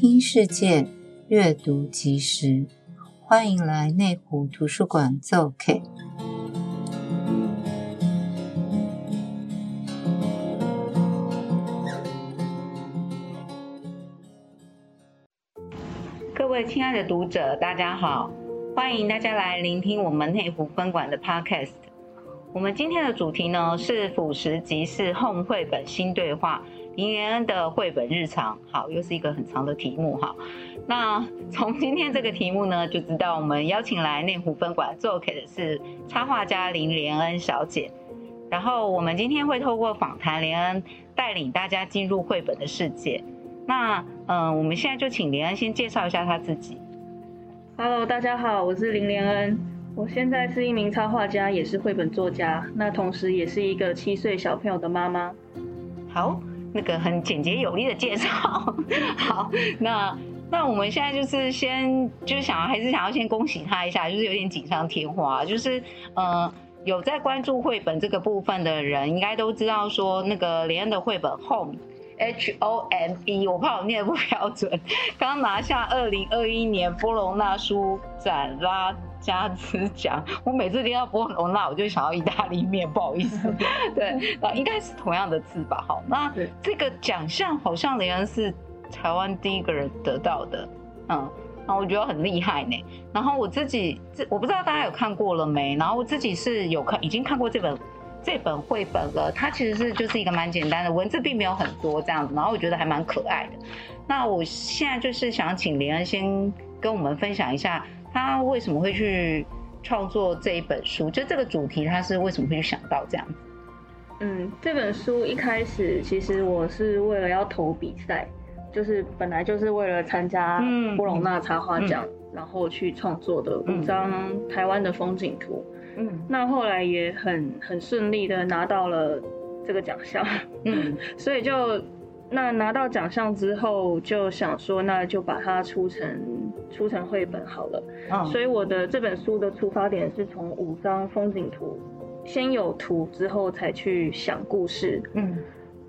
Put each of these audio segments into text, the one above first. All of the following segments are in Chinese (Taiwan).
聽世界閱讀即時，歡迎來內湖圖書館做客。各位親愛的讀者，大家好，歡迎大家來聆聽我們內湖分館的 Podcast。我們今天的主題呢是《俯拾即是，HOME 繪本心對話》。林廉恩的繪本日常，好，又是一個很長的題目哈。那從今天這個題目呢，就知道我們邀請來內湖分館做客的是插畫家林廉恩小姐。然後我們今天會透過訪談廉恩，帶領大家進入繪本的世界。那嗯，我們現在就請廉恩先介紹一下她自己。Hello，大家好，我是林廉恩，我現在是一名插畫家，也是繪本作家，那同時也是一個七歲小朋友的媽媽。好。那個，很簡潔有力的介紹，好，那那我們現在就是先就是想還是想要先恭喜他一下，就是有點錦上添花，就是呃有在關注繪本這個部分的人，應該都知道說那個廉恩的繪本《Home》，H O M E，我怕我念得不標準，剛拿下二零二一年波隆那書展啦加茲獎，我每次聽到波隆納，我就想要意大利麵，不好意思， 對，然後應該是同樣的字吧，好，那這個獎項好像廉恩是台灣第一個人得到的，嗯，然後我覺得很厲害呢。然後我自己，我不知道大家有看過了沒？然後我自己是有看，已經看過這本這本繪本了。它其實是就是一個蠻簡單的，文字並沒有很多這樣子，然後我覺得還蠻可愛的。那我現在就是想請廉恩先跟我們分享一下。他為什麼會去創作這一本書？就這個主題，他是為什麼會想到這樣？嗯，這本書一開始其實我是為了要投比賽，就是本來就是為了參加波隆納插畫獎，然後去創作的五張台灣的風景圖。嗯，那後來也很很順利的拿到了這個獎項。嗯， 所以就。那拿到獎項之後，就想說，那就把它出成出成繪本好了。哦。所以我的這本書的出發點是從五張風景圖，先有圖之後才去想故事。嗯，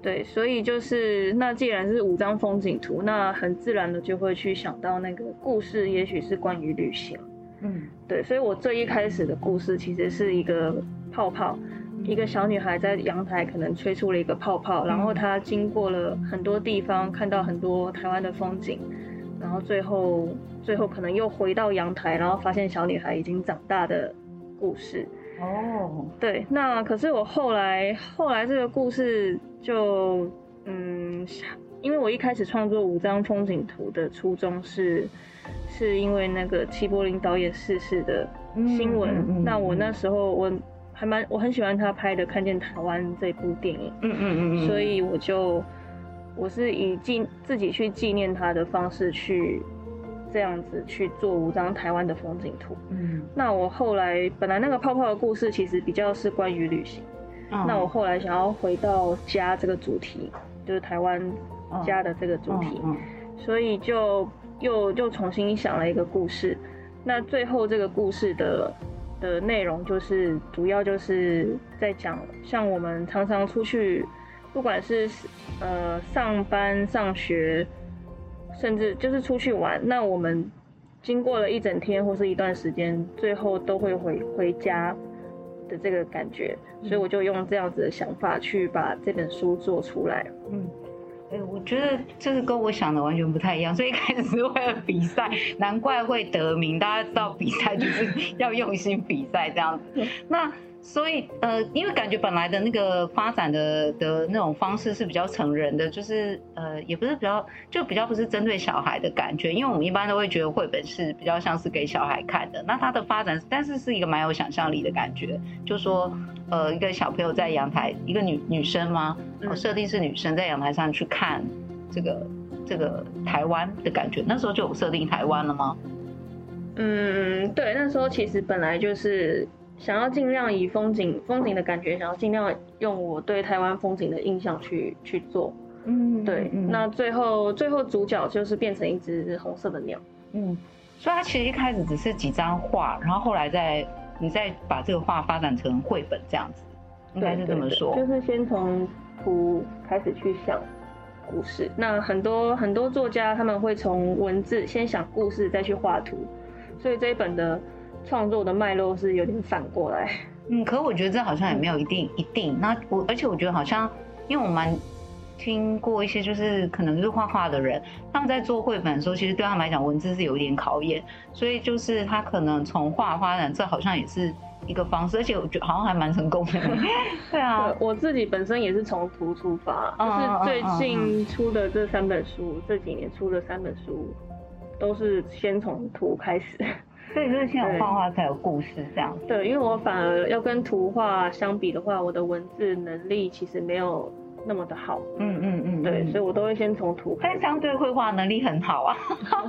對，所以就是那既然是五張風景圖，那很自然的就會去想到那個故事，也許是關於旅行。嗯，對，所以我最一開始的故事其實是一個泡泡。一個小女孩在陽台可能吹出了一個泡泡，然後她經過了很多地方，看到很多台灣的風景，然後最後最後可能又回到陽台，然後發現小女孩已經長大的故事。哦、oh.，對，那可是我後來後來這個故事就嗯，因為我一開始創作五張風景圖的初衷是是因為那個齊柏林導演逝世的新聞，oh. 那我那時候我。還蠻，我很喜歡他拍的《看見台灣》這部電影，嗯嗯嗯，所以我就我是以紀自己去紀念他的方式去這樣子去做五張台灣的風景圖。嗯，那我後來本來那個泡泡的故事其實比較是關於旅行，嗯，那我後來想要回到家這個主題，就是台灣家的這個主題，嗯嗯嗯嗯，所以就又又重新想了一個故事。那最後這個故事的。的內容就是主要就是在講，像我們常常出去，不管是呃上班、上學，甚至就是出去玩，那我們經過了一整天或是一段時間，最後都會回回家的這個感覺，所以我就用這樣子的想法去把這本書做出來。嗯。呃、欸，我覺得這是跟我想的完全不太一樣，所以一開始是為了比賽，難怪會得名。大家知道比賽就是要用心比賽這樣子，那。所以，呃，因為感覺本來的那個發展的的那種方式是比較成人的，就是，呃，也不是比較，就比較不是針對小孩的感覺。因為我們一般都會覺得繪本是比較像是給小孩看的。那它的發展是，但是是一個蠻有想象力的感覺，就是說，呃，一個小朋友在陽台，一個女女生嗎？我設定是女生在陽台上去看這個這個台灣的感覺。那時候就有設定台灣了嗎？嗯，對，那時候其實本來就是。想要盡量以風景、風景的感覺，想要盡量用我對台灣風景的印象去去做。嗯，對嗯。那最後，最後主角就是變成一隻紅色的鳥。嗯，所以它其實一開始只是幾張畫，然後後來再你再把這個畫發展成繪本這樣子，應該是這麼說。對對對，就是先從圖開始去想故事。那很多很多作家他們會從文字先想故事，再去畫圖。所以這一本的。創作的脈絡是有點反過來，嗯，可我覺得這好像也沒有一定、嗯、一定。那我而且我覺得好像，因為我蠻聽過一些就是可能是畫畫的人，他們在做繪本的時候，其實對他們來講文字是有點考驗，所以就是他可能從畫發展，這好像也是一個方式，而且我覺得好像還蠻成功的。 對啊，對，我自己本身也是從圖出發，uh, uh, uh, uh, uh. 就是最近出的這三本書，這幾年出的三本書，都是先從圖開始。所以就是先有畫畫才有故事這樣對,對，因為我反而要跟圖畫相比的話，我的文字能力其實沒有那麼的好的。嗯嗯嗯，對，所以我都會先從圖。它相對繪畫能力很好啊，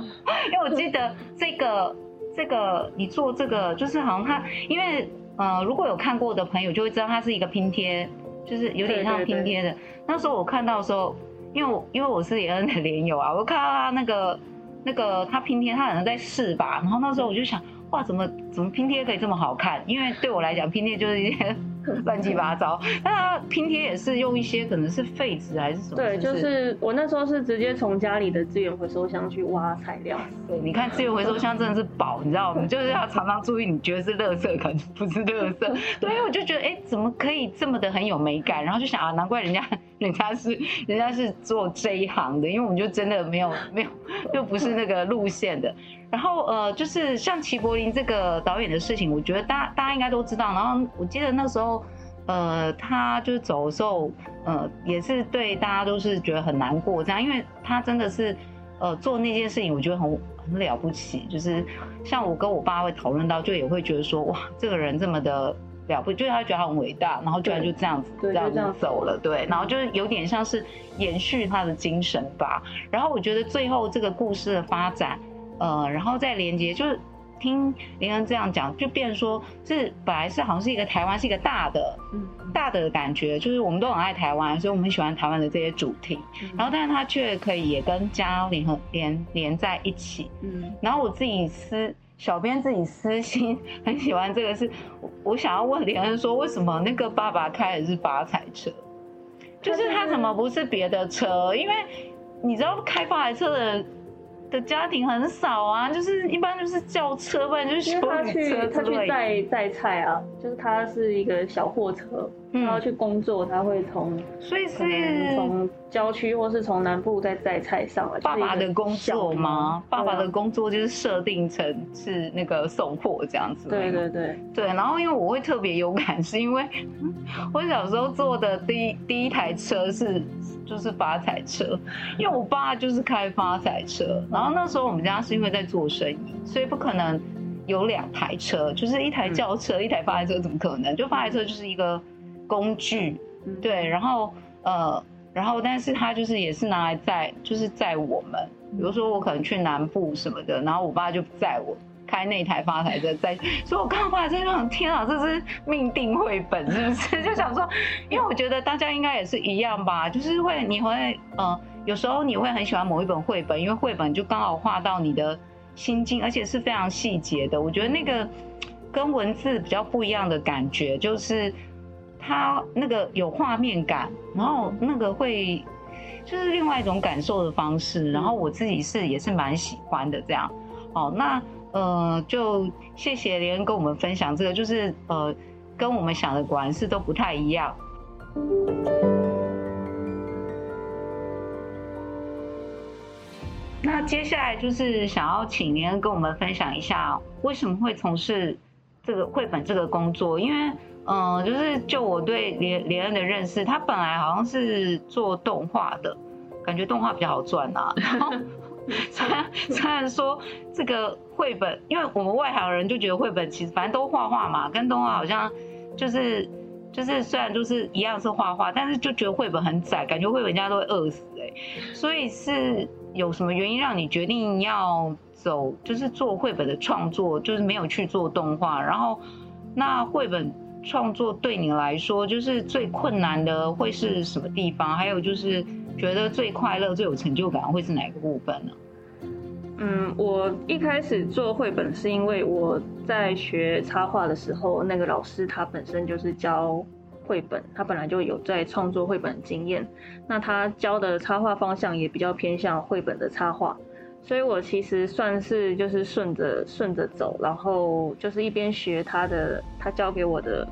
因為我記得這個這個你做這個就是好像它，因為呃如果有看過的朋友就會知道它是一個拼貼，就是有點像拼貼的。對對對那時候我看到的時候，因為我因為我是也很廉恩的臉友啊，我看到他那個。那個他拼貼，他好像在試吧。然後那時候我就想，哇，怎麼怎麼拼貼可以這麼好看？因為對我來講，拼貼就是一些亂七八糟。那他拼貼也是用一些可能是廢紙還是什麼？對，就是我那時候是直接從家裡的資源回收箱去挖材料。對，你看資源回收箱真的是寶， 你知道嗎？就是要常常注意，你覺得是垃圾可能不是垃圾。對，我就覺得哎、欸，怎麼可以這麼的很有美感？然後就想啊，難怪人家。人家是人家是做這一行的，因為我們就真的沒有沒有，就不是那個路線的。然後呃，就是像齊柏林這個導演的事情，我覺得大家大家應該都知道。然後我記得那時候，呃，他就是走的時候，呃，也是對大家都是覺得很難過這樣，因為他真的是呃做那件事情，我覺得很很了不起。就是像我跟我爸會討論到，就也會覺得說哇，這個人這麼的。了不，就是他覺得他很偉大，然後居然就這樣子，這樣子走了，對，就這樣子，對，然後就是有點像是延續他的精神吧。然後我覺得最後這個故事的發展，呃，然後再連結，就是聽林恩這樣講，就變成說是本來是好像是一個台灣，是一個大的，嗯、大的感覺，就是我們都很愛台灣，所以我們很喜歡台灣的這些主題。然後，但是他卻可以也跟家聯合連連在一起。嗯，然後我自己是。小編自己私心很喜歡這個，是我想要問廉恩說，為什麼那個爸爸開的是發財車？就是他怎麼不是別的車？因為你知道開發財車的人。的家庭很少啊，就是一般就是叫車，不然就是他去他去載載菜啊，就是他是一個小貨車，他、嗯、要去工作，他會從所以是從郊區或是從南部再載菜上來，就是。爸爸的工作嗎？啊、爸爸的工作就是設定成是那個送貨這樣子。對對對對，然後因為我會特別勇敢，是因為 我小時候坐的第一第一台車是。就是發財車，因為我爸就是開發財車，然後那時候我們家是因為在做生意，所以不可能有兩台車，就是一台轎車，一台發財車怎麼可能？就發財車就是一個工具，對，然後呃，然後但是他就是也是拿來載，就是載我們，比如說我可能去南部什麼的，然後我爸就載我。開那台發財在在，所以我剛畫這張，天啊，這是命定繪本是不是？就想說，因為我覺得大家應該也是一樣吧，就是會你會、呃、有時候你會很喜歡某一本繪本，因為繪本就剛好畫到你的心境，而且是非常細節的。我覺得那個跟文字比較不一樣的感覺，就是它那個有畫面感，然後那個會就是另外一種感受的方式。然後我自己是也是蠻喜歡的這樣。哦，那呃，就謝謝廉恩跟我們分享這個，就是呃，跟我們想的果然是都不太一樣。 那接下來就是想要請廉恩跟我們分享一下，為什麼會從事這個繪本這個工作？因為，嗯、呃，就是就我對廉廉恩的認識，他本來好像是做動畫的，感覺動畫比較好賺啊。然後 雖然雖然說這個繪本，因為我們外行人就覺得繪本其實反正都畫畫嘛，跟動畫好像，就是就是雖然就是一樣是畫畫，但是就覺得繪本很窄，感覺繪本家都會餓死。欸，所以是有什麼原因讓你決定要走就是做繪本的創作，就是沒有去做動畫？然後那繪本創作對你來說就是最困難的會是什麼地方？還有就是。覺得最快樂、最有成就感會是哪個部分呢？啊。嗯，我一開始做繪本是因為我在學插畫的時候，那個老師他本身就是教繪本，他本來就有在創作繪本的經驗。那他教的插畫方向也比較偏向繪本的插畫，所以我其實算是就是順着順着走，然後就是一邊學他的，他教給我的。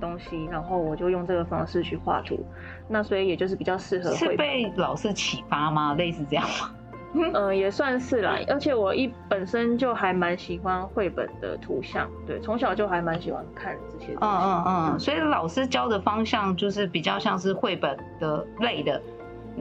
東西，然後我就用這個方式去畫圖，那所以也就是比較適合。是被老師啟發嗎？類似這樣嗎？嗯，也算是啦、啊。而且我一本身就還蠻喜歡繪本的圖像，對，從小就還蠻喜歡看這些。嗯嗯嗯，所以老師教的方向就是比較像是繪本的類的。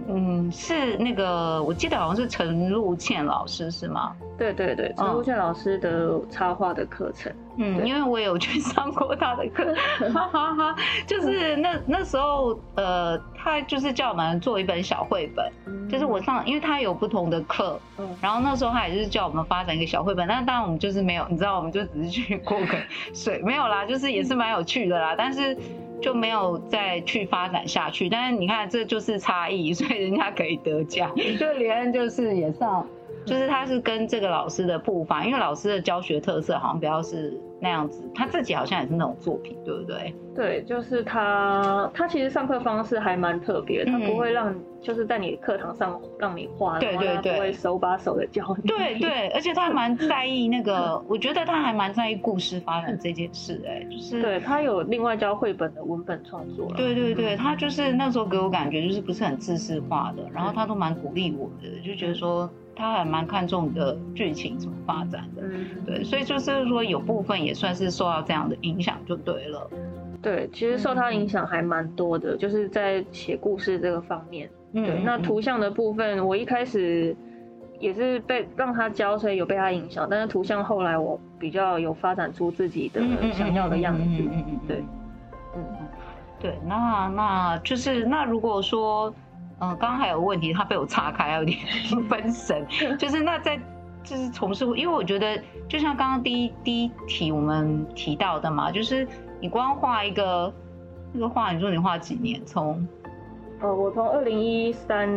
嗯，是那個，我記得好像是陳璐茜老師，是嗎？對對對，陳璐茜老師的插畫的課程，哦、嗯，因為我有去上過他的課， 哈，哈哈哈，就是那、嗯、那時候，呃，他就是叫我們做一本小繪本、嗯，就是我上，因為他有不同的課，嗯，然後那時候他也是叫我們發展一個小繪本，但、嗯、當然我們就是沒有，你知道，我們就只是去過個水， 沒有啦，就是也是蠻有趣的啦、嗯，但是就沒有再去發展下去，但是你看這就是差異，所以人家可以得獎，就連就是也上。就是他是跟這個老師的步伐，因為老師的教學特色好像比較是那樣子，他自己好像也是那種作品，對不對？對，就是他，他其實上課方式還蠻特別，他不會讓、嗯、就是在你課堂上讓你畫，對對、對，然後不會手把手的教你。對對、對，而且他還蠻在意那個， 我覺得他還蠻在意故事發展這件事、欸，哎，就是對他有另外教繪本的文本創作。對對對、嗯，他就是那時候給我感覺就是不是很知識化的，然後他都蠻鼓勵我的，就覺得說。他還蠻看重你的劇情怎麼發展的，嗯，對，所以就是說有部分也算是受到這樣的影響就對了。對，其實受他影響還蠻多的，嗯，就是在寫故事這個方面對。嗯，那圖像的部分，我一開始也是被讓他教，所以有被他影響，但是圖像後來我比較有發展出自己的，嗯，想要的樣子。嗯嗯嗯，對，嗯，對，那那就是那如果說。嗯，剛剛還有個問題，他被我岔開，還有點分神。就是那在，就是從事，因為我覺得，就像剛剛第一第一題我們提到的嘛，就是你光畫一個，那、這個畫，你說你畫幾年？從，呃，我從二零一三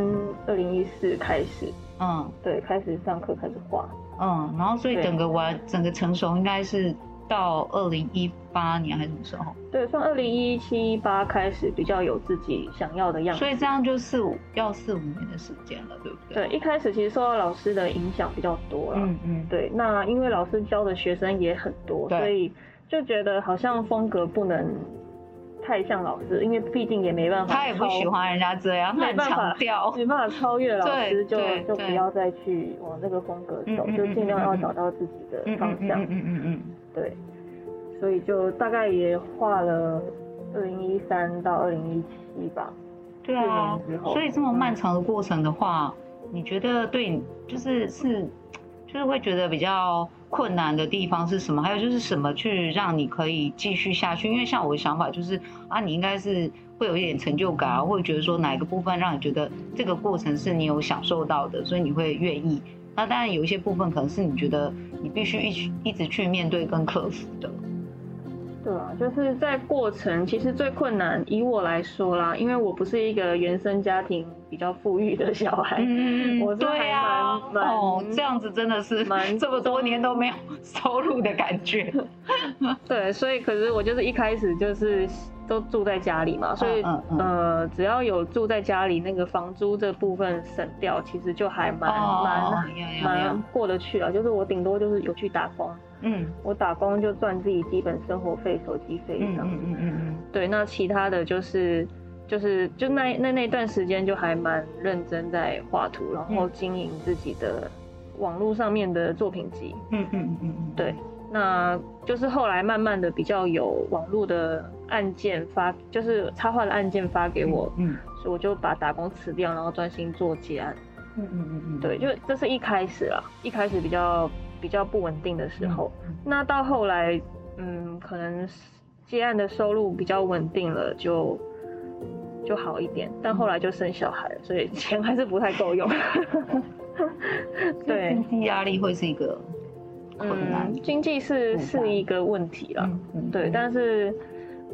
二零一四開始，嗯，對，開始上課開始畫，嗯，然後所以整個完整個成熟應該是。到二零一八年還是什麼時候？對，從二零一七、一八開始比較有自己想要的樣子。所以這樣就四五要四五年的時間了，對不對？對，一開始其實受到老師的影響比較多了。嗯嗯。對，那因為老師教的學生也很多，所以就覺得好像風格不能太像老師，因為畢竟也沒辦法。他也不喜歡人家這樣，他也不想要，沒辦法超越老師就，就就不要再去往這個風格走，嗯嗯嗯嗯嗯，就盡量要找到自己的方向。嗯嗯嗯，嗯，嗯，嗯，嗯。對，所以就大概也畫了二零一三到二零一七吧，對啊，所以這麼漫長的過程的話，嗯、你覺得對，就是是，就是會覺得比較困難的地方是什麼？還有就是什麼去讓你可以繼續下去？因為像我的想法就是啊，你應該是會有一點成就感啊，會覺得說哪一個部分讓你覺得這個過程是你有享受到的，所以你會願意。那當然有一些部分可能是你覺得你必須一直一直去面對跟克服的。對啊，就是在過程，其實最困難，以我來說啦，因為我不是一個原生家庭比較富裕的小孩，嗯、我是還蠻、蠻、對啊、哦、這樣子，真的是蠻這麼多年都沒有收入的感覺。 對，所以可是我就是一開始就是。都住在家裡嘛，所以、oh, uh, uh. 呃，只要有住在家裡那個房租這部分省掉，其實就還蠻蠻蠻過得去了、啊。就是我頂多就是有去打工，嗯、mm.，我打工就賺自己基本生活費、手機費這樣。嗯嗯嗯，對，那其他的就是，就是就那那那段時間就還蠻認真在畫圖，然後經營自己的網絡上面的作品集。嗯嗯嗯，對。那就是後來慢慢的比較有網絡的案件發，就是插畫的案件發給我嗯，嗯，所以我就把打工辭掉，然後專心做接案，嗯嗯嗯嗯，對，就這是一開始啊，一開始比較比較不穩定的時候、嗯嗯，那到後來，嗯，可能接案的收入比較穩定了就，就就好一點，但後來就生小孩了，所以錢還是不太夠用， 對，經濟壓力會是一個。嗯，經濟是是一個問題啦、嗯嗯，對、嗯，但是，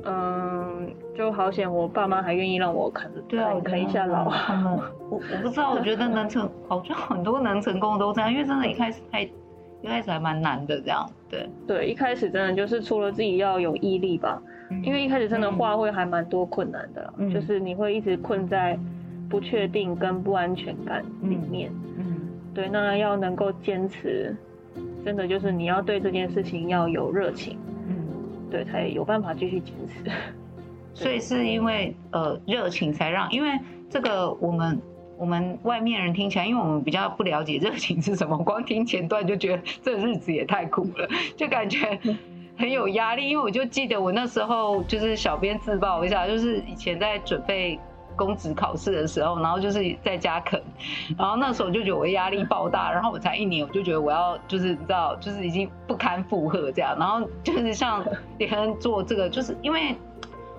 嗯，就好險，我爸媽還願意讓我啃，對、啊，啃一下老。我、嗯、我，我不知道， 我覺得能成，好像很多能成功的都這樣，因為真的一、嗯，一開始還，一開始還蠻難的，這樣，對，對，一開始真的就是除了自己要有毅力吧，嗯、因為一開始真的畫畫還蠻多困難的、嗯，就是你會一直困在不確定跟不安全感裡面，嗯，嗯對，那要能夠堅持。真的就是你要對這件事情要有熱情，嗯，對，才有辦法繼續堅持。所以是因為呃熱情才讓，因為這個我們我們外面人聽起來，因為我們比較不了解熱情是什麼，光聽前段就覺得這日子也太苦了，就感覺很有壓力。因為我就記得我那時候就是小編自曝一下，就是以前在準備。公職考試的時候，然後就是在家啃，然後那時候我就覺得我的壓力爆大，然後我才一年，我就覺得我要就是你知道，就是已經不堪負荷這樣，然後就是像你可能做這個，就是因為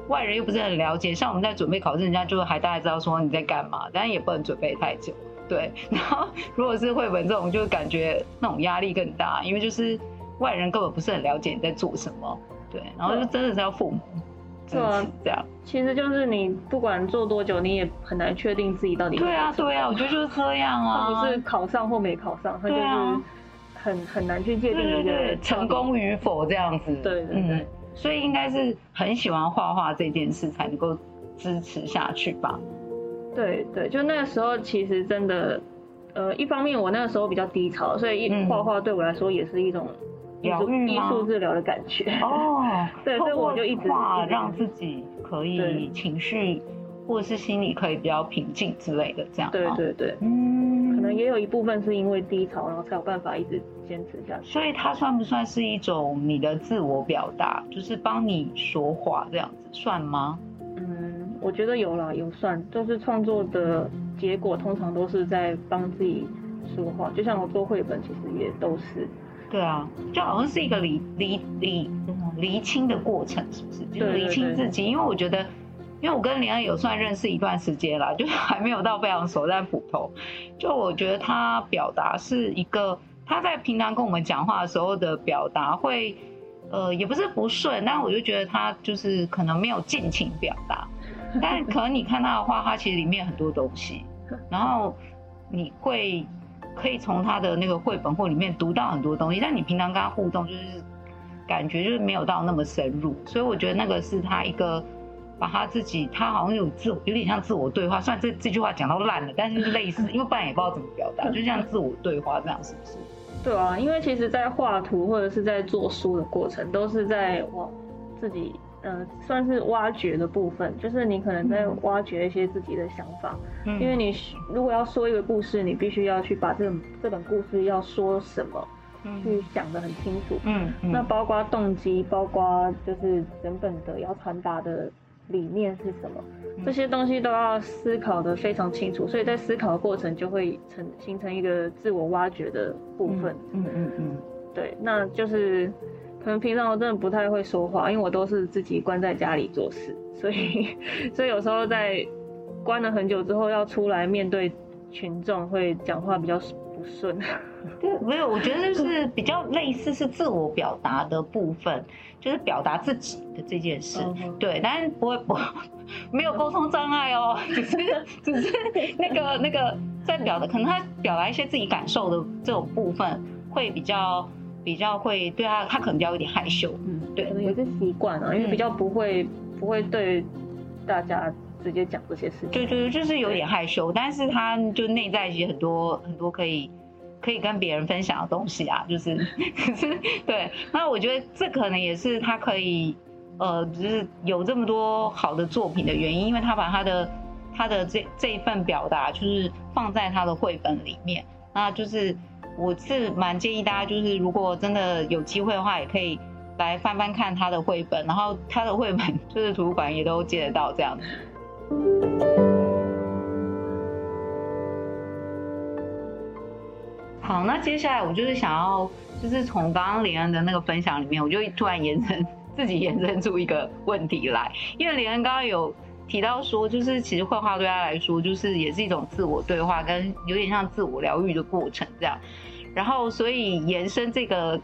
外人又不是很了解，像我們在準備考試，人家就還大概知道說你在幹嘛，但是也不能準備太久，對。然後如果是繪本這種，就感覺那種壓力更大，因為就是外人根本不是很了解你在做什麼，對。然後就真的是要父母。對啊，這樣，其實就是你不管做多久，你也很難確定自己到底有有，對啊，對啊，我覺得就是這樣啊。或者是考上或沒考上，他就是很、啊、很，很難去界定一個對對，對成功與否這樣子。對對對，嗯、所以應該是很喜歡畫畫這件事，才能夠支持下去吧。對對，對，就那個時候，其實真的，呃，一方面我那個時候比較低潮，所以畫畫、嗯、對我來說也是一種。療癒嘛，藝術治療的感覺哦。對，所以我就一直畫，讓自己可以情緒或者是心理可以比較平靜之類的，這樣、啊。對對對，對，嗯，可能也有一部分是因為低潮，然後才有辦法一直堅持下去。所以它算不算是一種你的自我表達？就是幫你說話這樣子，算嗎？嗯，我覺得有啦，有算，就是創作的結果，通常都是在幫自己說話。就像我做繪本，其實也都是。對啊，就好像是一個理理理理清的過程，是不是？就是、理清自己。對對對對，因為我覺得，因為我跟廉恩有算認識一段時間了，就是還沒有到非常熟，但普通。就我覺得他表達是一個，他在平常跟我們講話的時候的表達會，呃，也不是不順，但我就覺得他就是可能沒有盡情表達。但可能你看他的話， 他其實裡面很多東西，然後你會。可以從他的那個繪本或裡面讀到很多東西，但你平常跟他互動，就是感覺就是沒有到那麼深入，所以我覺得那個是他一個，把他自己，他好像有自，有點像自我對話。雖然這這句話講到爛了，但是類似，因為不然也不知道怎麼表達， 就像自我對話這樣，是不是？對啊，因為其實在畫圖或者是在做書的過程，都是在我自己。嗯、呃，算是挖掘的部分，就是你可能在挖掘一些自己的想法，嗯、因為你如果要說一個故事，你必須要去把這個這本故事要說什麼、嗯，去想得很清楚，嗯，嗯那包括動機，包括就是整本的要傳達的理念是什麼、嗯，這些東西都要思考得非常清楚，所以在思考的過程就會成形成一個自我挖掘的部分，嗯嗯嗯，嗯，對，那就是。可能平常我真的不太會說話，因為我都是自己關在家裡做事，所以所以有時候在關了很久之後要出來面對群眾，會講話比較不順。對，沒有，我覺得就是比較類似是自我表達的部分，就是表達自己的這件事。嗯、對，但是不會不沒有溝通障礙哦、喔嗯，只是只是那個那個在表達、嗯，可能他表達一些自己感受的這種部分會比較。比較會，對他，他可能比較有點害羞，嗯，對有些習慣啊，因為比較不會、嗯、不會對大家直接講這些事情，對對，就是有點害羞，但是他就內在其實很多很多可以可以跟別人分享的東西啊，就是，可、 就是對，那我覺得這可能也是他可以呃，就是有這麼多好的作品的原因，因為他把他的他的這這一份表達就是放在他的繪本裡面，那就是。我是蠻建議大家，就是如果真的有機會的話，也可以來翻翻看他的繪本，然後他的繪本就是圖書館也都借得到這樣子。好，那接下來我就是想要，就是從剛剛廉恩的那個分享裡面，我就突然延伸自己延伸出一個問題來，因為廉恩剛剛有。提到說，就是其實繪畫對他來說，就是也是一種自我對話，跟有點像自我療癒的過程這樣。然後，所以延伸這個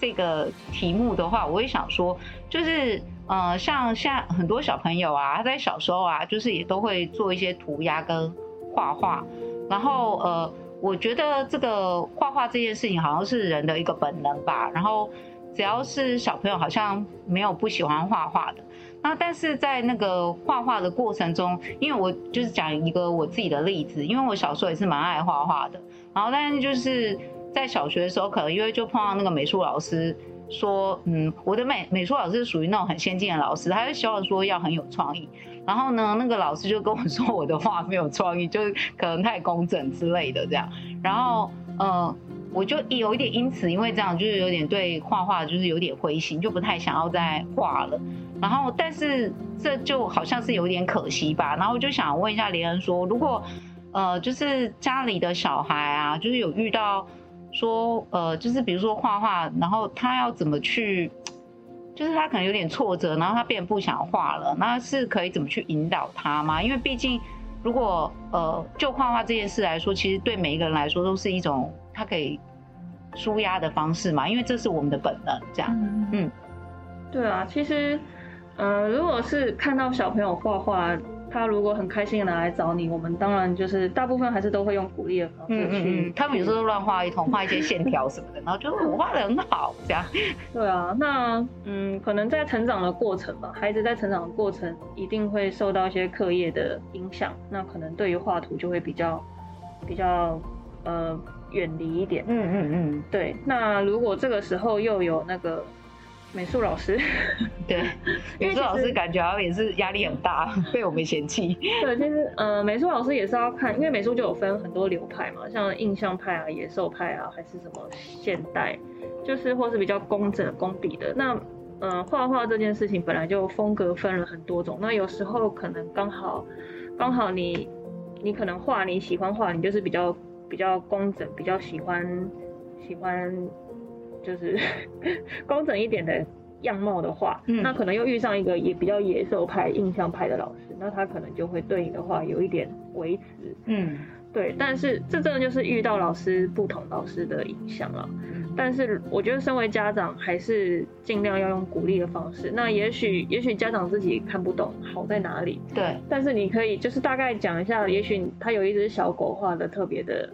這個題目的話，我也想說，就是嗯、呃，像現在很多小朋友啊，他在小時候啊，就是也都會做一些塗鴉跟畫畫。然後，呃，我覺得這個畫畫這件事情好像是人的一個本能吧。然後，只要是小朋友，好像沒有不喜歡畫畫的。那、啊、但是在那個畫畫的過程中，因為我就是講一個我自己的例子，因為我小時候也是蠻愛畫畫的。然後，但是就是在小學的時候，可能因為就碰到那個美術老師說，嗯，我的美美術老師屬於那種很先進的老師，他就希望說要很有創意。然後呢，那個老師就跟我說我的畫沒有創意，就是可能太工整之類的這樣。然後，呃，我就有一點因此，因為這樣就是有點對畫畫就是有點灰心，就不太想要再畫了。然後，但是這就好像是有點可惜吧。然後我就想問一下廉恩說，如果，呃，就是家裡的小孩啊，就是有遇到，說，呃，就是比如說畫畫，然後他要怎麼去，就是他可能有點挫折，然後他變不想畫了，那是可以怎麼去引導他嗎？因為畢竟，如果，呃，就畫畫這件事來說，其實對每一個人來說都是一種他可以紓壓的方式嘛，因為這是我們的本能，這樣，嗯，嗯對啊，其實。嗯、呃，如果是看到小朋友畫畫，他如果很開心的來找你，我們當然就是大部分還是都會用鼓勵的方式去。嗯嗯嗯、他比如說亂畫一通，畫一些線條什麼的， 然後就是我畫得很好，這樣。對啊，那嗯，可能在成長的過程吧，孩子在成長的過程一定會受到一些課業的影響，那可能對於畫圖就會比較比較呃遠離一點。嗯嗯嗯。對，那如果這個時候又有那個。美術老師， 對，美術老師感覺好像也是壓力很大， 被我們嫌棄。對，其實，呃，美術老師也是要看，因為美術就有分很多流派嘛，像是印象派啊、野獸派啊，還是什麼現代，就是或是比較工整、工筆的。那，嗯、呃，畫畫這件事情本來就風格分了很多種，那有時候可能剛好，剛好你，你可能畫你喜歡畫，你就是比較比較工整，比較喜歡喜歡。就是工整一點的樣貌的話，嗯，那可能又遇上一個也比較野獸派、印象派的老師，那他可能就會對你的話有一點維持。嗯，對。但是這真的就是遇到老師不同老師的影響了，嗯。但是我覺得身為家長還是儘量要用鼓勵的方式。嗯，那也許也許家長自己看不懂好在哪裡。對。但是你可以就是大概講一下，也許他有一只小狗畫得特別的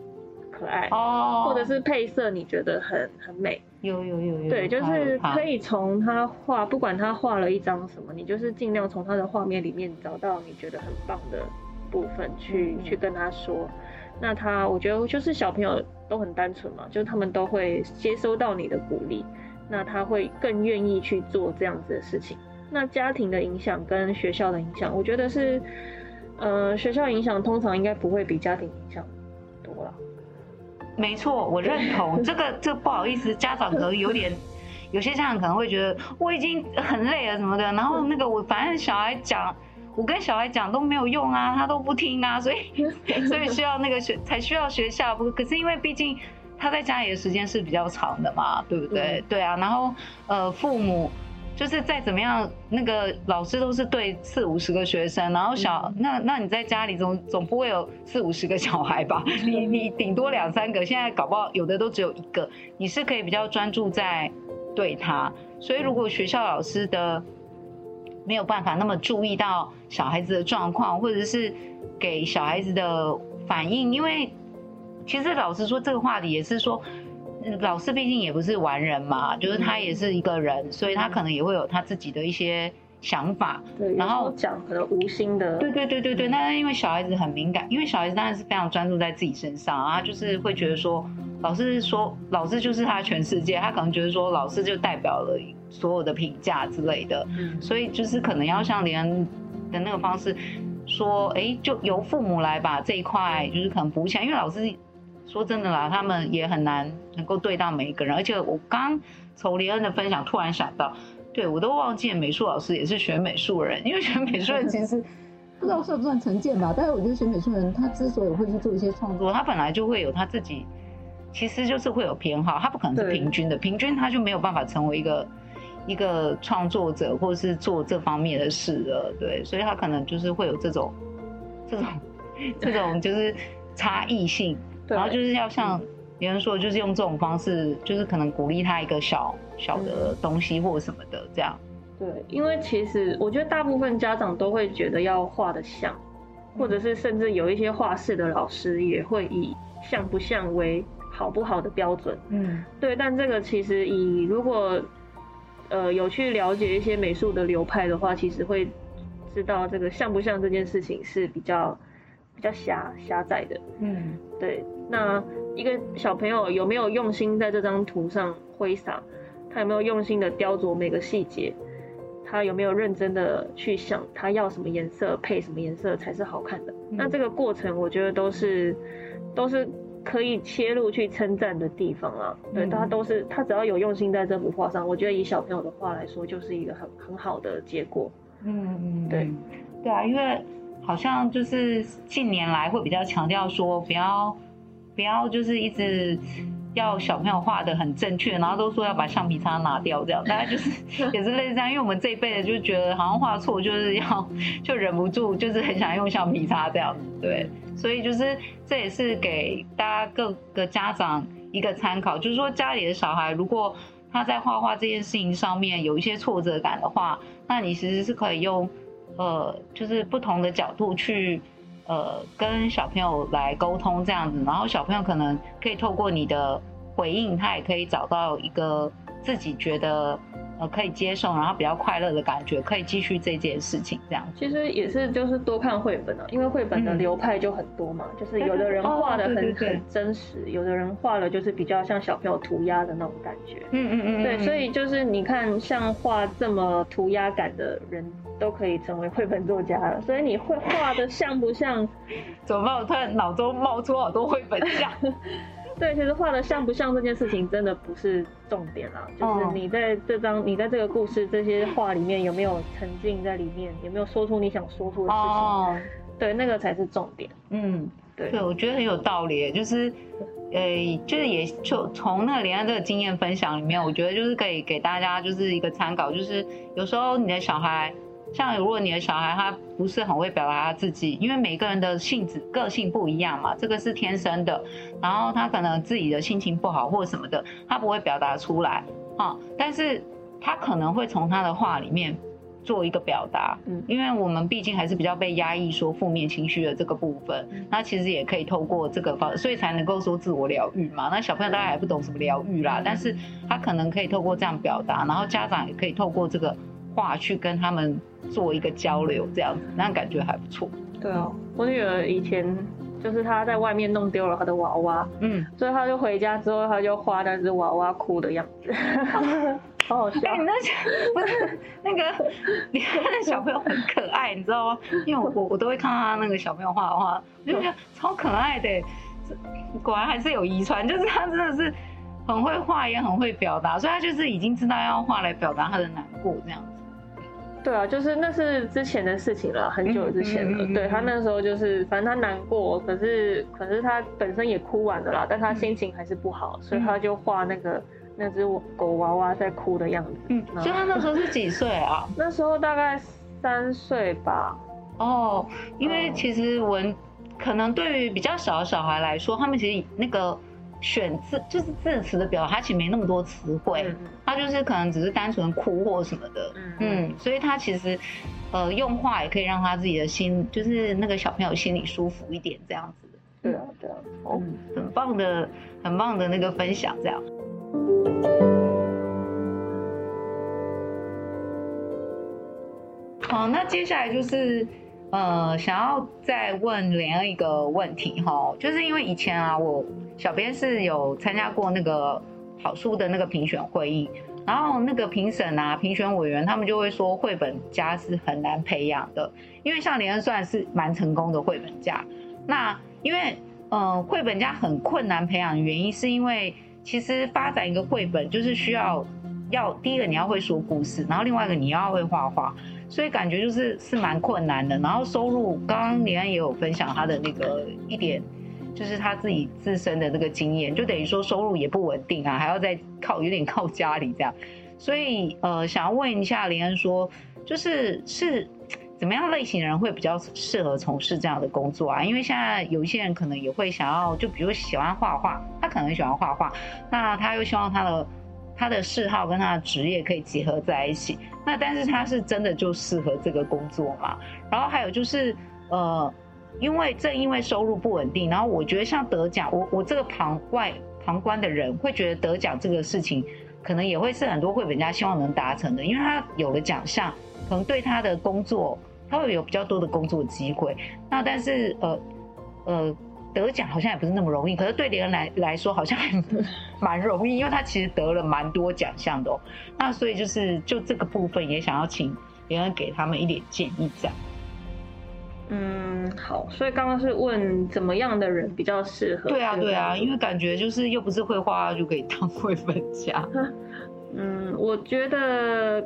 可愛，哦，或者是配色你覺得很很美。有有有有，對，就是可以從他畫，不管他畫了一張什麼，你就是盡量從他的畫面裡面找到你覺得很棒的部分去，去、嗯、去跟他說。那他，我覺得就是小朋友都很單純嘛，就他們都會接收到你的鼓勵，那他會更願意去做這樣子的事情。那家庭的影響跟學校的影響，我覺得是，呃，學校影響通常應該不會比家庭影響多了。沒錯，我認同這個。這個、不好意思，家長可能有點，有些家長可能會覺得我已經很累了什麼的。然後那個我反正小孩講，我跟小孩講都沒有用啊，他都不聽啊，所以所以需要那個學才需要學校。不，可是因為畢竟他在家裡的時間是比較長的嘛，對不對？對啊。然後呃，父母。就是再怎麼樣，那個老師都是對四五十個學生，然後小、嗯、那那你在家裡總總不會有四五十個小孩吧？嗯、你你頂多兩三個，現在搞不好有的都只有一個，你是可以比較專注在，對他。所以如果學校老師的，沒有辦法那麼注意到小孩子的狀況，或者是給小孩子的反應，因為其實老實說，這個話題也是說。老師畢竟也不是完人嘛，就是他也是一個人，嗯，所以他可能也會有他自己的一些想法。對，嗯，然後講可能無心的。對對對對對，嗯，那因為小孩子很敏感，因為小孩子當然是非常專注在自己身上啊，然後就是會覺得說、嗯、老師說老師就是他的全世界，他可能覺得說老師就代表了所有的評價之類的。嗯，所以就是可能要像廉恩的那個方式說，說、欸、哎，就由父母來把這一塊就是可能補起來，嗯，因為老師。說真的啦，他們也很難能夠對到每一個人，而且我剛從廉恩的分享突然想到，對，我都忘記美術老師也是學美術人，因為學美術人，美術人其實不知道算不算成見吧，但是我覺得學美術人他之所以會去做一些創作，他本來就會有他自己，其實就是會有偏好，他不可能是平均的，平均他就沒有辦法成為一個一個創作者或者是做這方面的事了，對，所以他可能就是會有這種這種這種就是差異性。然後就是要像別人說，就是用這種方式，就是可能鼓勵他一個小小的東西或什麼的這樣。對，因為其實我覺得大部分家長都會覺得要畫得像，或者是甚至有一些畫室的老師也會以像不像為好不好的標準。嗯，對。但這個其實以如果呃有去了解一些美術的流派的話，其實會知道這個像不像這件事情是比較比較狹狹窄的。嗯，對。那一個小朋友有沒有用心在這張圖上揮灑？他有沒有用心的雕琢每個細節？他有沒有認真的去想他要什麼顏色配什麼顏色才是好看的？嗯、那這個過程，我覺得都是都是可以切入去稱讚的地方啊。對，嗯、他都是他只要有用心在這幅畫上，我覺得以小朋友的話來說，就是一個很很好的結果。嗯嗯，對、嗯嗯、對啊，因為好像就是近年來會比較強調說不要。不要就是一直要小朋友畫得很正確，然後都說要把橡皮擦拿掉這樣，大家就是也是類似這樣，因為我們這一輩子就覺得好像畫錯就是要就忍不住就是很想用橡皮擦這樣，對，所以就是這也是給大家各個家長一個參考，就是說家裡的小孩如果他在畫畫這件事情上面有一些挫折感的話，那你其實是可以用呃就是不同的角度去。呃，跟小朋友來溝通這樣子，然後小朋友可能可以透過你的回應，他也可以找到一個自己覺得呃可以接受，然後比較快樂的感覺，可以繼續這件事情這樣。其實也是就是多看繪本啊，因為繪本的流派就很多嘛，嗯、就是有的人畫的很，嗯、很真實，啊、對對對，有的人畫了就是比較像小朋友塗鴉的那種感覺。嗯，嗯嗯嗯，對，所以就是你看像畫這麼塗鴉感的人都可以成為繪本作家了，所以你會畫得像不像？怎麼辦？我突然腦中冒出好多繪本像。 對，其實畫得像不像這件事情真的不是重點啦，就是你在這張、哦，你在這個故事這些畫裡面有沒有沉浸在裡面，有沒有說出你想說出的事情？哦、對，那個才是重點。嗯，對。對，我覺得很有道理，就是，呃、欸，就是也就從那個廉恩這個經驗分享裡面，我覺得就是可以給大家就是一個參考，就是有時候你的小孩。像如果你的小孩他不是很會表達他自己，因為每個人的性子個性不一樣嘛，這個是天生的。然後他可能自己的心情不好或什麼的，他不會表達出來啊、嗯。但是他可能會從他的話裡面做一個表達，嗯，因為我們畢竟還是比較被壓抑說負面情緒的這個部分，那其實也可以透過這個方，所以才能夠說自我療癒嘛。那小朋友大概還不懂什麼療癒啦，嗯、但是他可能可以透過這樣表達，然後家長也可以透過這個。畫去跟他們做一個交流，這樣子，那感覺還不錯。對啊、哦，我女兒以前就是她在外面弄丟了他的娃娃，嗯，所以她就回家之後，她就畫那只娃娃哭的樣子， 好好笑。欸、你那些，不是 那個，你看那小朋友很可愛，你知道嗎？因為我我都會看到他那個小朋友畫的畫，就覺得超可愛的。果然還是有遺傳，就是他真的是很會畫，也很會表達，所以他就是已經知道要用畫來表達他的難過這樣。對啊，就是那是之前的事情了，很久之前了。嗯嗯嗯、對他那時候就是，反正他難過，可是可是他本身也哭完的啦、嗯，但他心情還是不好，嗯，所以他就畫那個那隻狗娃娃在哭的樣子。嗯，所以他那時候是幾歲啊？ 那時候大概三歲吧。哦，因為其實文可能對於比較小的小孩來說，他們其實那個。選字就是字詞的表，他其實沒那麼多詞彙，他就是可能只是單純哭或什麼的，嗯，嗯所以他其實，呃，用話也可以讓他自己的心，就是那個小朋友心裡舒服一點，這樣子，對啊，對啊，嗯，很棒的，很棒的那個分享，這樣。好，那接下來就是。呃，想要再問廉恩一個問題哈，就是因為以前啊，我小編是有參加過那個好書的那個評選會議，然後那個評審啊，評選委員他們就會說，繪本家是很難培養的，因為像廉恩算是蠻成功的繪本家。那因為呃，繪本家很困難培養的原因，是因為其實發展一個繪本就是需要要第一個你要會說故事，然後另外一個你要會畫畫。所以感覺就是是蠻困難的，然後收入，剛剛廉恩也有分享他的那個一點，就是他自己自身的那個經驗，就等於說收入也不穩定啊，還要再靠有點靠家裡這樣。所以呃，想要問一下廉恩說，就是是怎麼樣類型的人會比較適合從事這樣的工作啊？因為現在有一些人可能也會想要，就比如說喜歡畫畫，他可能喜歡畫畫，那他又希望他的。他的嗜好跟他的職業可以結合在一起，那但是他是真的就適合這個工作嘛？然後還有就是，呃，因為正因為收入不穩定，然後我覺得像得獎，我我這個旁外旁觀的人會覺得得獎這個事情，可能也會是很多繪本家希望能達成的，因為他有了獎項，可能對他的工作，他會有比較多的工作的機會。那但是呃，呃……得獎好像也不是那麼容易，可是對廉恩來來說好像還蠻容易，因為他其實得了蠻多獎項的哦、喔。那所以就是就這個部分也想要請廉恩給他們一點建議，這樣。嗯，好，所以剛剛是問怎麼樣的人比較適合？對啊，對啊，因為感覺就是又不是繪畫就可以當繪本家。嗯，我覺得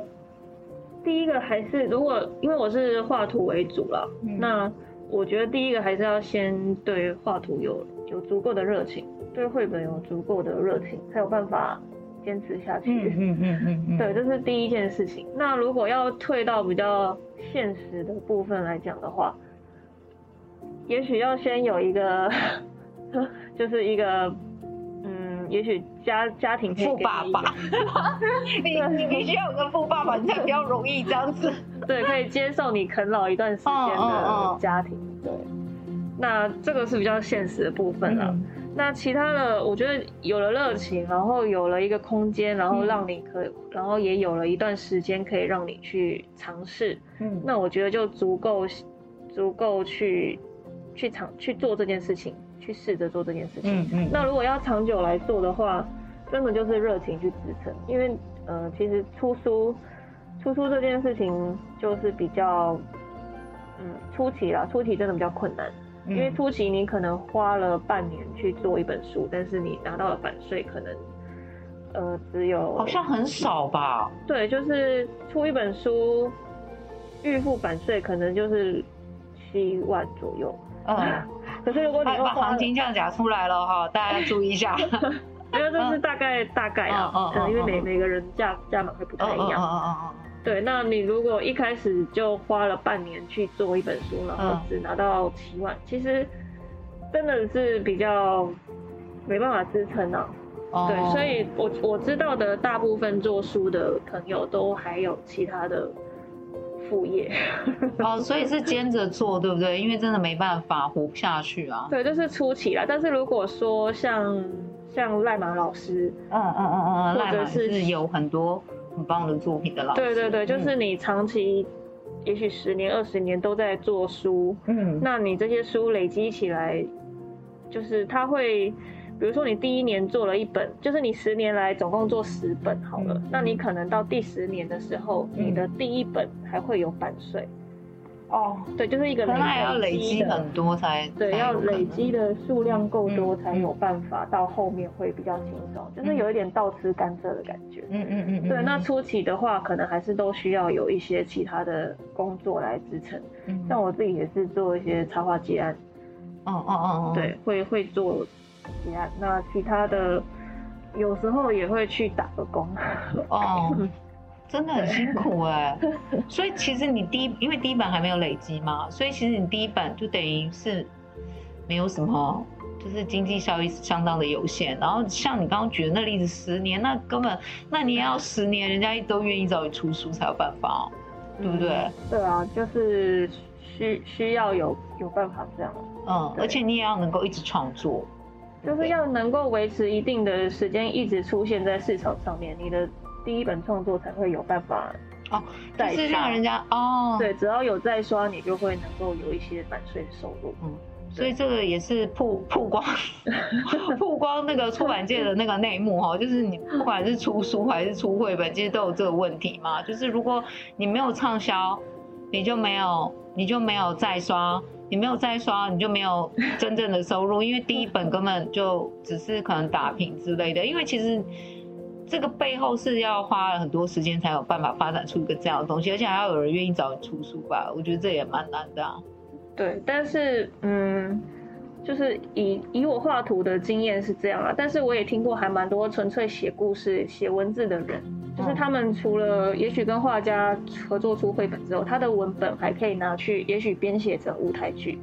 第一個還是如果因為我是畫圖為主了、嗯，那。我覺得第一個還是要先對畫圖有有足夠的熱情，對繪本有足夠的熱情，才有辦法堅持下去。嗯嗯嗯嗯。對，這是第一件事情。那如果要退到比較現實的部分來講的話，也許要先有一個，就是一個。也許家家庭，富爸爸，你你必須要有個富爸爸，你才比較容易這樣子。對，可以接受你啃老一段時間的家庭，哦哦哦。對，那這個是比較現實的部分了。嗯。那其他的，我覺得有了熱情，然後有了一個空間，然後讓你可以，嗯，然後也有了一段時間可以讓你去嘗試。嗯，那我覺得就足夠足夠去去嘗去做這件事情。去試着做這件事情、嗯嗯。那如果要長久來做的話，真的就是熱情去支撐。因為、呃，其實出書，出書這件事情就是比較，嗯，初期啦。初期真的比較困難，因為初期你可能花了半年去做一本書，嗯，但是你拿到了版稅可能，呃，只有好像很少吧？對，就是出一本書，預付版稅可能就是七萬左右。嗯嗯可是如果你把行情價講出來了哈，大家注意一下，因為這是大概、嗯、大概啊，可能、嗯、因為每、嗯、每個人價價碼會不太一樣、嗯，對，那你如果一開始就花了半年去做一本書，然後只拿到七萬、嗯，其實真的是比較沒辦法支撐啊、嗯。對，所以我我知道的大部分做書的朋友都還有其他的。副業， 哦，所以是兼着做，對不對？因為真的沒辦法活不下去啊。對，就是初期啦。但是如果說像像賴馬老師，嗯嗯嗯嗯，或、嗯、者、嗯、是有很多很棒的作品的老師，對對對，就是你長期，嗯、也許十年二十年都在做書，嗯，那你這些書累積起來，就是他會。比如說你第一年做了一本，就是你十年來總共做十本好了，嗯、那你可能到第十年的時候，嗯、你的第一本還會有版稅。哦，對，就是一個累。可能也要累積很多才。對，要累積的數量夠多才有辦法到後面會比較輕鬆，嗯嗯嗯嗯嗯，就是有一點倒吃甘蔗的感覺。嗯嗯嗯，嗯。對，那初期的話，可能還是都需要有一些其他的工作來支撐。嗯。像我自己也是做一些插畫接案。哦哦哦。對，嗯對嗯、會、嗯、會做。那其他的有時候也會去打個工哦，真的很辛苦哎。所以其實你第一，因為第一版還沒有累積嘛，所以其實你第一版就等於是沒有什麼，就是經濟效益是相當的有限。然後像你剛剛舉的那例子，十年那根本那你也要十年，人家都願意找你出書才有辦法哦，對不對？嗯，對啊，就是需需要有有辦法這樣。嗯，而且你也要能夠一直創作。就是要能夠維持一定的時間，一直出現在市場上面，你的第一本創作才會有辦法哦，就是讓人家哦，對，只要有再刷，你就會能夠有一些版稅收入，嗯，所以這個也是曝曝光、啊、曝光那個出版界的那個內幕哦， 就是你不管是出書還是出繪本，其實都有這個問題嘛，就是如果你沒有暢銷，你就沒有你就沒有再刷。你沒有再刷，你就沒有真正的收入，因為第一本根本就只是可能打平之類的。因為其實這個背後是要花了很多時間才有辦法發展出一個這樣的東西，而且還要有人願意找你出書吧？我覺得這也蠻難的啊。對，但是嗯，就是以以我畫圖的經驗是這樣啊，但是我也聽過還蠻多純粹寫故事、寫文字的人。就是他們除了也許跟畫家合作出繪本之後，他的文本還可以拿去，也許編寫成舞台劇，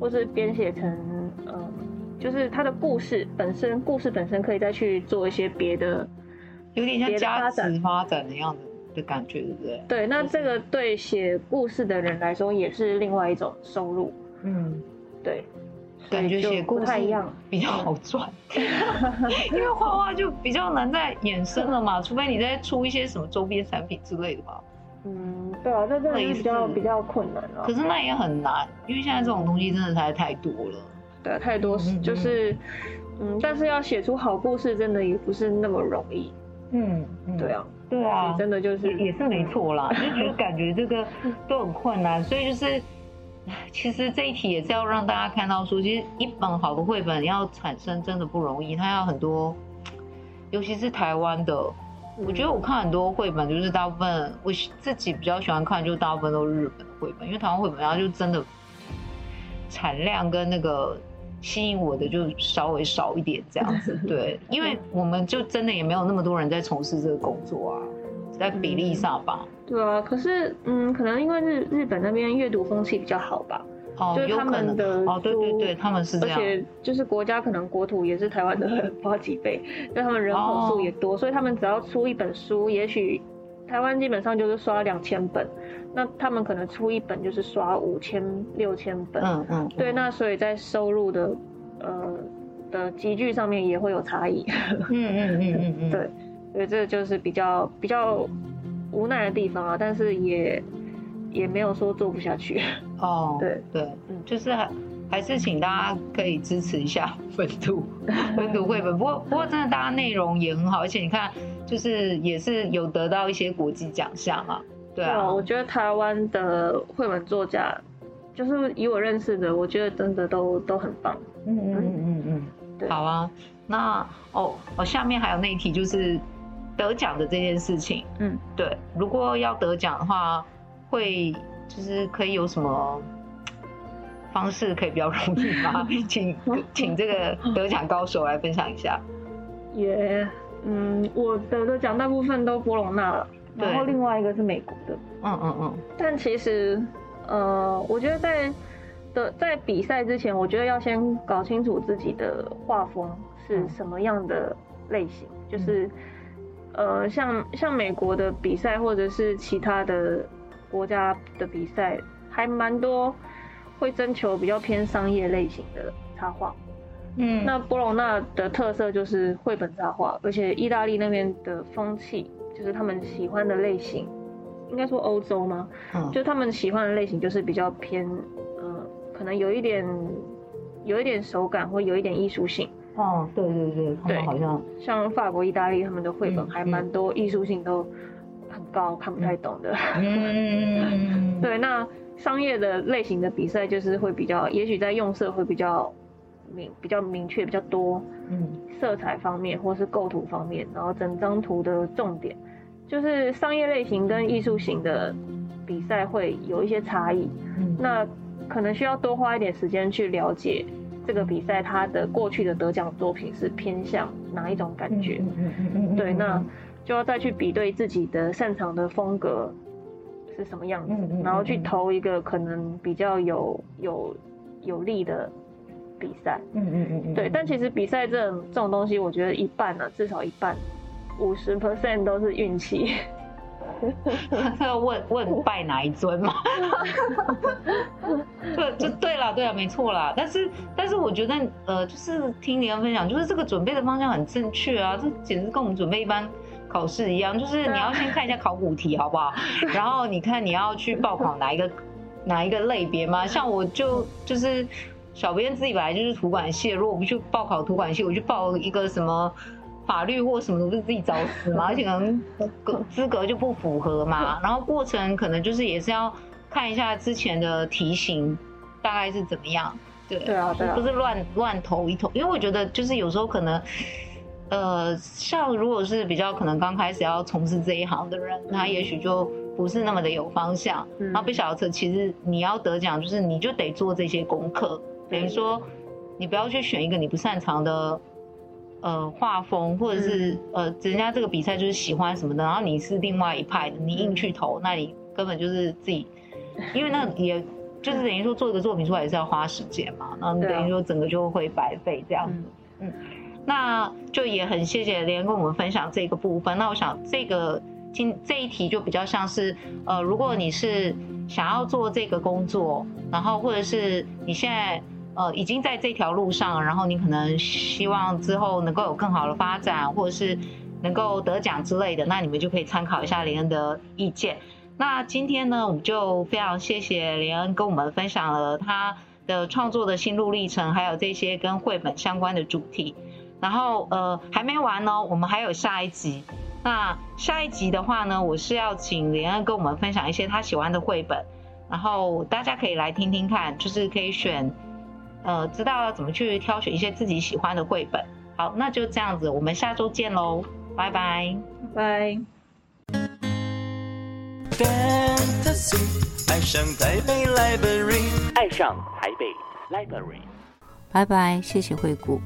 或是編寫成，嗯，就是他的故事本身，故事本身可以再去做一些別的，有點像加值發展的樣子的感覺，對不對？對，那這個對寫故事的人來說也是另外一種收入。嗯，對。感覺寫故事比較好賺， 因為畫畫就比較難再衍生了嘛，除非你再出一些什麼周邊產品之類的吧。嗯，對啊，那真的是比較比較困難了。可是那也很難，因為現在這種東西真的太太多了。對啊，太多就是，嗯，嗯，嗯，嗯，但是要寫出好故事真的也不是那麼容易。啊、嗯，嗯，對啊，對啊，真的就是也是沒錯啦， 就感覺這個都很困難，所以就是。其實這一題也是要讓大家看到說，說其實一本好的繪本要產生真的不容易，它要很多，尤其是台灣的，我覺得我看很多繪本，就是大部分我自己比較喜歡看，就大部分都是日本的繪本，因為台灣繪本，它就真的產量跟那個吸引我的就稍微少一點這樣子，對，因為我們就真的也沒有那麼多人在從事這個工作啊。在比例上吧、嗯，對啊，可是嗯，可能因為日日本那邊閱讀風氣比較好吧，哦，就是他們的、哦，對對對，他們是這樣，而且就是國家可能國土也是台灣的八幾倍，但他們人口數也多、哦，所以他們只要出一本書，也許台灣基本上就是刷兩千本，那他們可能出一本就是刷五千六千本，嗯嗯，嗯，對，那所以在收入的呃的級距上面也會有差異，嗯嗯嗯嗯嗯，嗯嗯 對。所以這就是比較比較無奈的地方啊，但是也也沒有說做不下去哦。 對對，嗯，就是還，還是請大家可以支持一下本土，本土繪本。不過不過，真的大家內容也很好，嗯，而且你看，就是也是有得到一些國際獎項啊。對啊，嗯，我覺得台灣的繪本作家，就是以我認識的，我覺得真的都都很棒。嗯嗯嗯嗯嗯，對，好啊。那哦哦，下面還有那一題就是。得獎的這件事情，嗯，對，如果要得獎的話，會就是可以有什麼方式可以比較容易嗎？ 請請這個得獎高手來分享一下。也、yeah，嗯，我得的獎大部分都波隆納了，然後另外一個是美國的，嗯嗯嗯。但其實，呃，我覺得在的在比賽之前，我覺得要先搞清楚自己的畫風是什麼樣的類型，嗯、就是。呃，像像美國的比賽，或者是其他的國家的比賽，還蠻多會徵求比較偏商業類型的插畫。嗯，那波隆納的特色就是繪本插畫，而且意大利那邊的風氣，就是他們喜歡的類型，應該說歐洲嗎？嗯，就他們喜歡的類型就是比較偏，呃，可能有一點有一點手感，或有一點藝術性。哦，對對對，好像，對，像法國、意大利他們的繪本還蠻多，藝、嗯、術、嗯、性都很高，看不太懂的。嗯、 對，那商業的類型的比賽就是會比較，也許在用色會比較明，比較明確比較多。色彩方面或是構圖方面，然後整張圖的重點，就是商業類型跟藝術型的比賽會有一些差異、嗯。那可能需要多花一點時間去了解。這個比賽，他的過去的得獎作品是偏向哪一種感覺？嗯嗯，對，那就要再去比對自己的擅長的風格是什麼樣子，然後去投一個可能比較有有有利的比賽。嗯嗯嗯，對。但其實比賽這種，這種東西，我覺得一半啊，至少一半，五十 percent 都是運氣。他 要問問拜哪一尊嗎？ 對，就對了，對啊，沒錯啦。但是，但是我覺得，呃，就是聽你的分享，就是這個準備的方向很正確啊。這簡直跟我們準備一般考試一樣，就是你要先看一下考古題，好不好？然後你看你要去報考哪一個，哪一個類別嗎？像我就就是，小編自己本來就是圖管系，如果不去報考圖管系，我就報一個什麼。法律或什麼的不是自己找死嘛？ 而且可能格資格就不符合嘛。然後過程可能就是也是要看一下之前的題型大概是怎麼樣，對，對啊，對啊，不是亂亂投一投。因為我覺得就是有時候可能，呃，像如果是比較可能剛開始要從事這一行的人，嗯、他也許就不是那麼的有方向，那、嗯、不曉得其實你要得獎就是你就得做這些功課，等於說你不要去選一個你不擅長的。呃，畫風或者是呃，人家這個比賽就是喜歡什麼的、嗯，然後你是另外一派的，你硬去投，嗯、那你根本就是自己，因為那也、嗯、就是等於說做一個作品出來也是要花時間嘛，然後等於說整個就會白費這樣子。嗯，那就也很謝謝廉跟我們分享這個部分。那我想這個今這一題就比較像是，呃，如果你是想要做這個工作，然後或者是你現在。呃，已經在這條路上了，然後你可能希望之後能夠有更好的發展，或者是能夠得獎之類的，那你們就可以參考一下廉恩的意見。那今天呢，我們就非常謝謝廉恩跟我們分享了他的創作的心路歷程，還有這些跟繪本相關的主題。然後呃，還沒完呢、哦，我們還有下一集。那下一集的話呢，我是要請廉恩跟我們分享一些他喜歡的繪本，然後大家可以來聽聽看，就是可以選。呃、嗯，知道怎麼去挑選一些自己喜歡的繪本。好，那就這樣子，我們下周見嘍，拜拜，拜拜。愛上台北 Library，愛上台北 Library，拜拜，謝謝惠顧。